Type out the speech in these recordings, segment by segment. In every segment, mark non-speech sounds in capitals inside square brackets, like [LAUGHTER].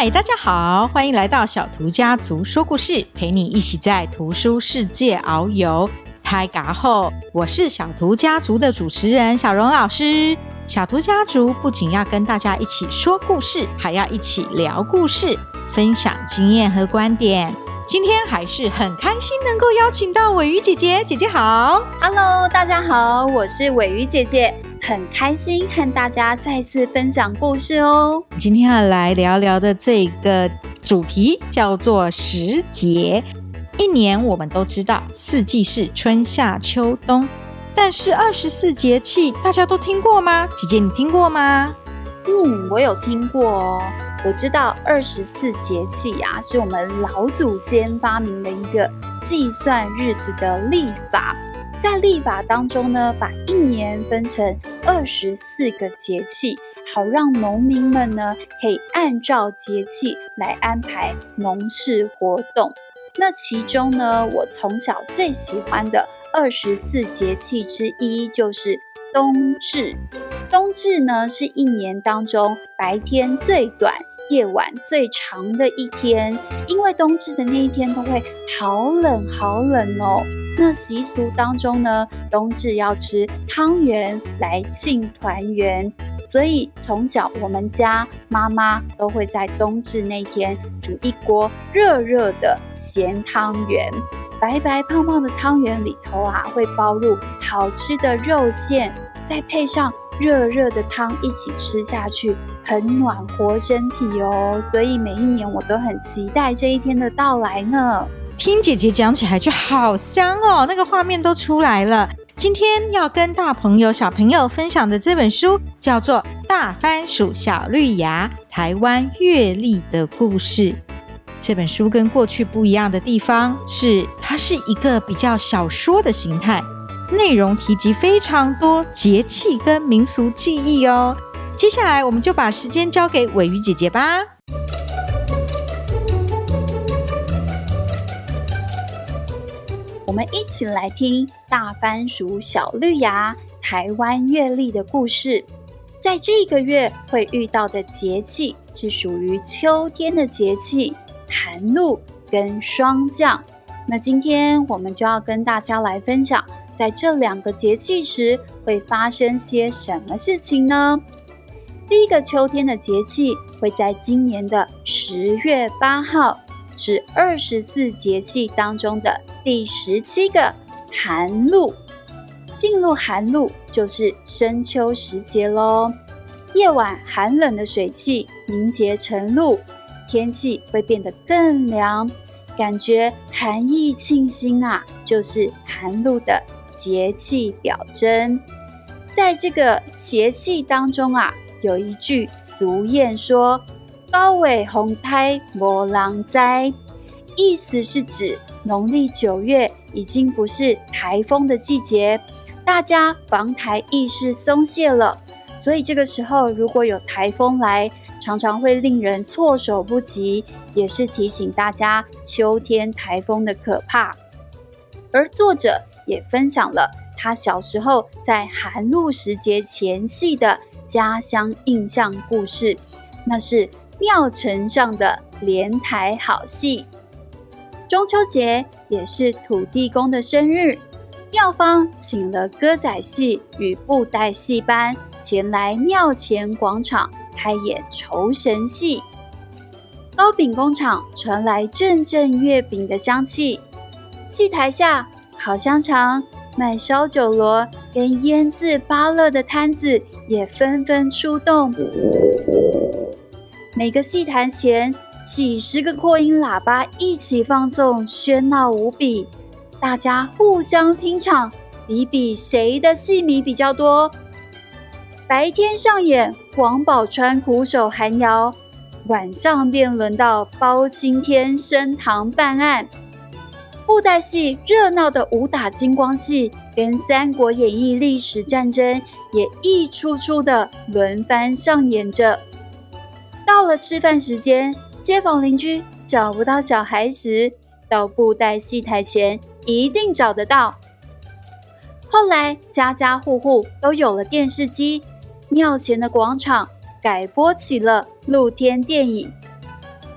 嗨，Hi, 大家好，歡迎來到小圖家族說故事，陪你一起在圖書世界遨遊。嗨嘎後，我是小圖家族的主持人曉蓉老師。小圖家族不僅要跟大家一起說故事，還要一起聊故事，分享經驗和觀點。今天還是很開心能夠邀請到瑋瑜姐姐，姐姐好。Hello，大家好，我是瑋瑜姐姐。很開心和大家再次分享故事哦。今天要來聊聊的這個主題叫做時節。一年我們都知道四季是春夏秋冬，但是二十四節氣大家都聽過嗎？姐姐你聽過嗎？嗯，我有聽過哦。我知道二十四節氣呀、啊，是我們老祖先發明的一個計算日子的曆法。在歷法當中呢，把一年分成。二十四個節氣，好讓農民們呢可以按照節氣來安排農事活動。那其中呢，我從小最喜歡的二十四節氣之一就是冬至。冬至呢，是一年當中白天最短、夜晚最長的一天，因為冬至的那一天都會好冷、好冷哦。那習俗當中呢，冬至要吃湯圓來慶團圓，所以從小我們家媽媽都會在冬至那天煮一鍋熱熱的鹹湯圓，白白胖胖的湯圓裡頭啊，會包入好吃的肉餡，再配上熱熱的湯一起吃下去，很暖和身體哦。所以每一年我都很期待這一天的到來呢。聽姐姐講起來就好香哦，那個畫面都出來了。今天要跟大朋友、小朋友分享的這本書叫做《大番薯小綠芽：台灣月曆的故事》。這本書跟過去不一樣的地方是，它是一個比較小說的形態，內容提及非常多節氣跟民俗記憶哦。接下來我們就把時間交給瑋瑜姐姐吧。我們一起來聽《大番薯小綠芽》台灣月曆的故事。在這個月會遇到的節氣是屬於秋天的節氣，寒露跟霜降。那今天我們就要跟大家來分享，在這兩個節氣時會發生些什麼事情呢？第一個秋天的節氣會在今年的十月八號。是二十四節氣當中的第十七個，寒露。進入寒露就是深秋時節嘍。夜晚寒冷的水汽凝結成露，天氣會變得更涼，感覺寒意沁心啊，就是寒露的節氣表徵。在這個節氣當中啊，有一句俗諺說。高尾紅胎無人知，意思是指農曆九月已經不是台風的季節，大家防台意識鬆懈了，所以這個時候如果有台風來，常常會令人措手不及，也是提醒大家秋天台風的可怕。而作者也分享了他小時候在寒露時節前夕的家鄉印象故事，那是。廟埕上的連台好戲，中秋節也是土地公的生日。廟方請了歌仔戲與布袋戲班前來廟前廣場開演酬神戲。糕餅工廠傳來陣陣月餅的香氣，戲台下烤香腸、賣燒酒螺，跟醃制芭樂的攤子也紛紛出動。每個戲台前，幾十個擴音喇叭一起放送，喧鬧無比。大家互相拼場，比比誰的戲迷比較多。白天上演王寶釧苦守寒窑，晚上便輪到包青天升堂辦案。布袋戲熱鬧的武打金光戲，跟《三國演義》歷史戰爭也一出出的輪番上演着。到了吃飯時間，街坊鄰居找不到小孩時，到布袋戲台前一定找得到。後來家家戶戶都有了電視機，廟前的廣場改播起了露天電影。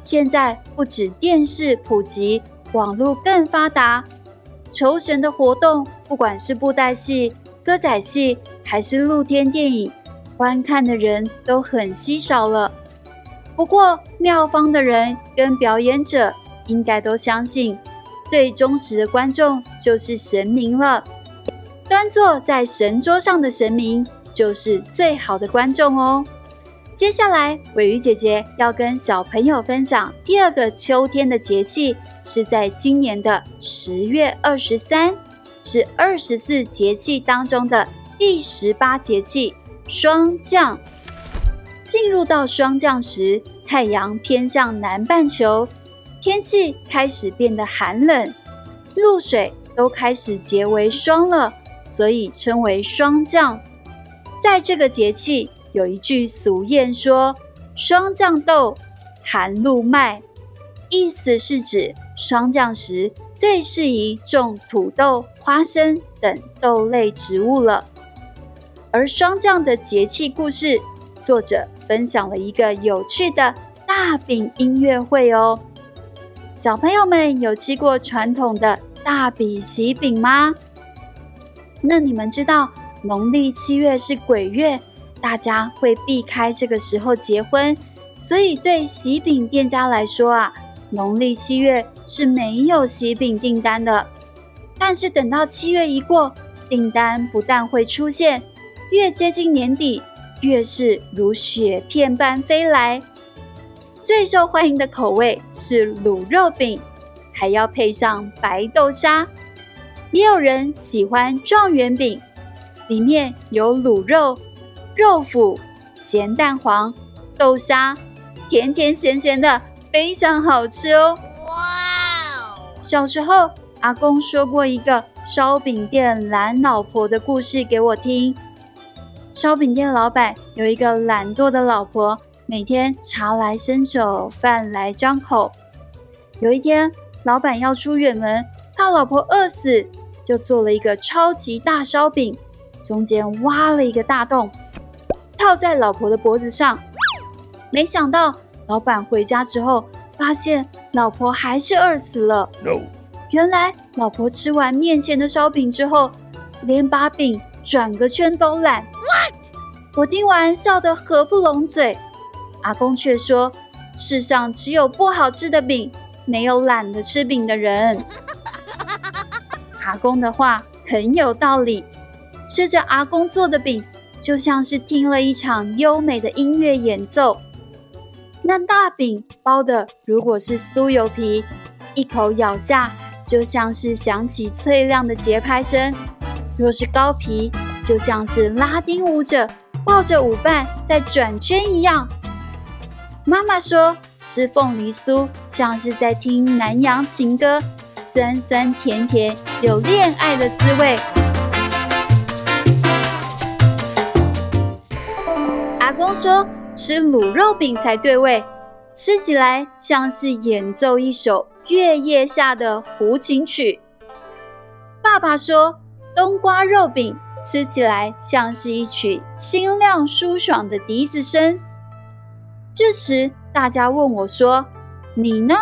現在不止電視普及，網絡更發達，酬神的活動，不管是布袋戲、歌仔戲，還是露天電影，觀看的人都很稀少了。不過，廟方的人跟表演者應該都相信，最忠實的觀眾就是神明了。端坐在神桌上的神明，就是最好的觀眾哦。接下來，瑋瑜姐姐要跟小朋友分享，第二個秋天的節氣是在今年的十月二十三，是二十四節氣當中的第十八節氣——霜降。進入到霜降時，太陽偏向南半球，天氣開始變得寒冷，露水都開始結為霜了，所以稱為霜降。在這個節氣，有一句俗諺說：“霜降豆，寒露麥”，意思是指霜降時最適宜種土豆、花生等豆類植物了。而霜降的節氣故事，作者。分享了一個有趣的大餅音樂會哦，小朋友們有吃過傳統的大餅喜餅嗎？那你們知道農曆七月是鬼月，大家會避開這個時候結婚，所以對喜餅店家來說啊，農曆七月是沒有喜餅訂單的。但是等到七月一過，訂單不但會出現，越接近年底。越是如雪片般飛來，最受歡迎的口味是滷肉餅，還要配上白豆沙。也有人喜歡狀元餅，裡面有滷肉、肉脯、鹹蛋黃、豆沙，甜甜鹹鹹的，非常好吃哦。哇！Wow! 小時候，阿公說過一個燒餅店懶老婆的故事給我聽。燒餅店老闆有一個懶惰的老婆，每天茶來伸手，飯來張口。有一天，老闆要出遠門，怕老婆餓死，就做了一個超級大燒餅，中間挖了一個大洞，套在老婆的脖子上。沒想到，老闆回家之後，發現老婆還是餓死了。No. 原來，老婆吃完麵前的燒餅之後，連把餅轉個圈都懶。我聽完笑得合不攏嘴，阿公卻說：“世上只有不好吃的餅，沒有懶得吃餅的人。” [LAUGHS] 阿公的話很有道理，吃着阿公做的餅，就像是聽了一場優美的音樂演奏。那大餅包的如果是酥油皮，一口咬下就像是響起脆亮的節拍聲；若是糕皮，就像是拉丁舞者。抱着舞伴在轉圈一樣。媽媽說吃鳳梨酥像是在聽南洋情歌，酸酸甜甜，有戀愛的滋味。阿公說吃滷肉餅才對味，吃起來像是演奏一首月夜下的胡琴曲。爸爸說冬瓜肉餅，吃起來像是一曲清亮舒爽的笛子聲。這時，大家問我說：“你呢？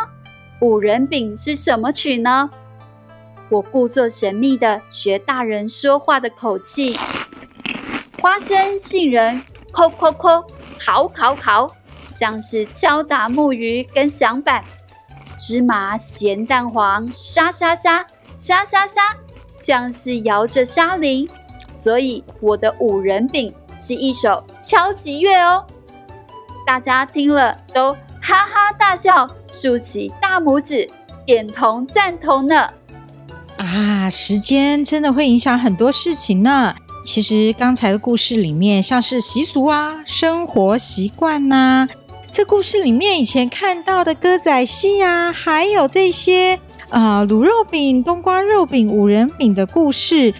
五仁餅是什麼曲呢？”我故作神秘地學大人說話的口氣：“花生、杏仁，扣扣扣、烤烤烤，像是敲打木魚跟響板；芝麻、鹹蛋黃，沙沙沙，沙沙沙，像是搖着沙鈴。”所以我的五仁餅是一首敲擊樂哦，大家聽了都哈哈大笑，豎起大拇指，點頭贊同呢。啊，時間真的會影響很多事情呢。其實剛才的故事裡面，像是習俗啊、生活習慣吶、啊，這故事裡面以前看到的歌仔戲呀、啊，還有這些呃滷肉餅、冬瓜肉餅、五仁餅的故事。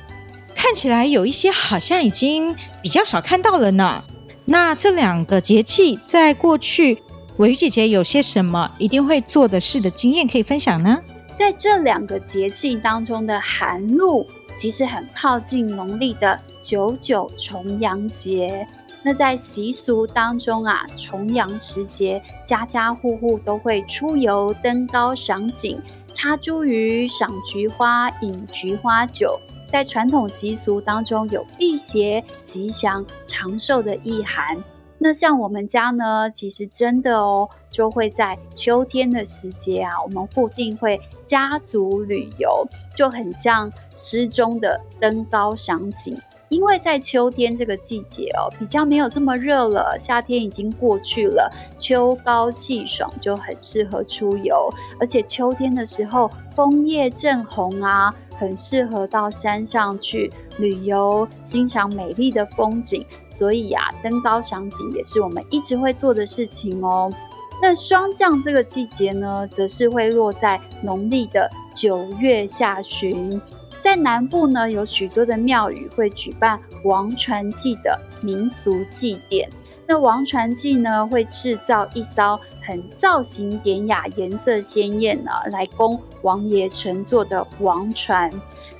看起來有一些好像已經比較少看到了呢。那這兩個節氣在過去，瑋瑜姐姐有些什麼一定會做的事的經驗可以分享呢？在這兩個節氣當中的寒露，其實很靠近農曆的九九重陽節。那在習俗當中啊，重陽時節，家家戶戶都會出遊登高賞景，插茱萸、賞菊花、飲菊花酒。在傳統習俗當中，有辟邪、吉祥、長壽的意涵。那像我們家呢，其實真的哦，就會在秋天的時節啊，我們固定會家族旅遊，就很像詩中的登高賞景。因為在秋天這個季節哦，比較沒有這麼熱了，夏天已經過去了，秋高氣爽，就很適合出遊。而且秋天的時候，楓葉正紅啊。很適合到山上去旅遊，欣賞美麗的風景。所以啊，登高賞景也是我們一直會做的事情哦。那霜降這個季節呢，則是會落在農曆的九月下旬。在南部呢，有許多的廟宇會舉辦王船祭的民俗祭典。那王船祭呢，會製造一艘。造型典雅、顏色鮮豔呢，來供王爺乘坐的王船。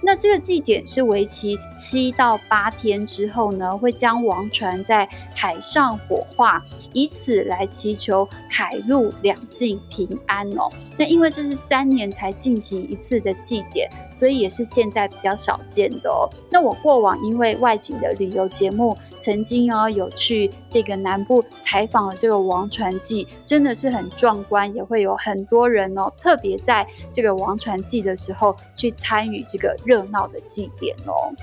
那這個祭典是為期七到八天，之後呢，會將王船在海上火化。以此來祈求海陸兩境平安哦。那因為這是三年才進行一次的祭典，所以也是現在比較少見的哦。那我過往因為外景的旅遊節目，曾經哦有去這個南部採訪了這個王船祭，真的是很壯觀，也會有很多人哦。特別在這個王船祭的時候去參與這個熱鬧的祭典哦。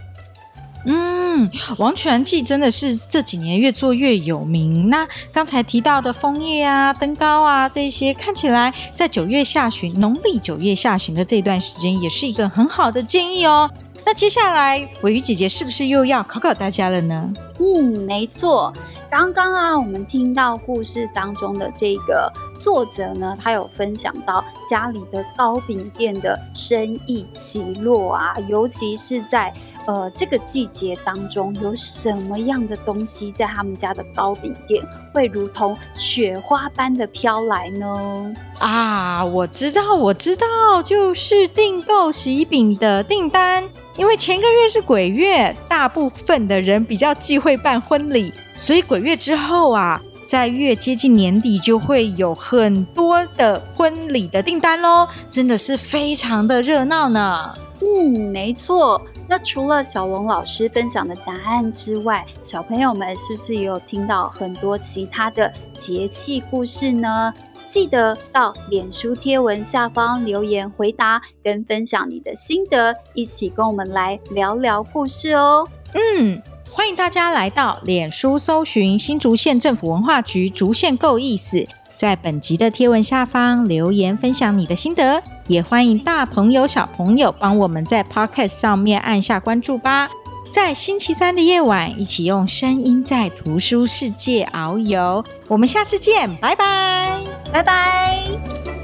嗯，王全記真的是這幾年越做越有名。那剛才提到的楓葉啊、登高啊這些，看起來在九月下旬、農曆九月下旬的這段時間，也是一個很好的建議哦。那接下來，瑋瑜姐姐是不是又要考考大家了呢？嗯，沒錯。剛剛啊，我們聽到故事當中的這個作者呢，他有分享到家裡的糕餅店的生意起落啊，尤其是在。呃，這個季節當中有什麼樣的東西在他們家的糕餅店會如同雪花般的飄來呢？啊，我知道，我知道，就是訂購喜餅的訂單。因為前個月是鬼月，大部分的人比較忌諱辦婚禮，所以鬼月之後啊，在月接近年底，就會有很多的婚禮的訂單咯，真的是非常的熱鬧呢。嗯，沒錯。那除了小王老師分享的答案之外，小朋友們是不是也有聽到很多其他的節氣故事呢？記得到臉書貼文下方留言回答跟分享你的心得，一起跟我們來聊聊故事哦。嗯，歡迎大家來到臉書搜尋新竹縣政府文化局竹縣夠意思，在本集的貼文下方留言分享你的心得。也歡迎大朋友、小朋友幫我們在 Podcast 上面按下關注吧！在星期三的夜晚，一起用聲音在圖書世界遨遊。我們下次見，拜拜，拜拜。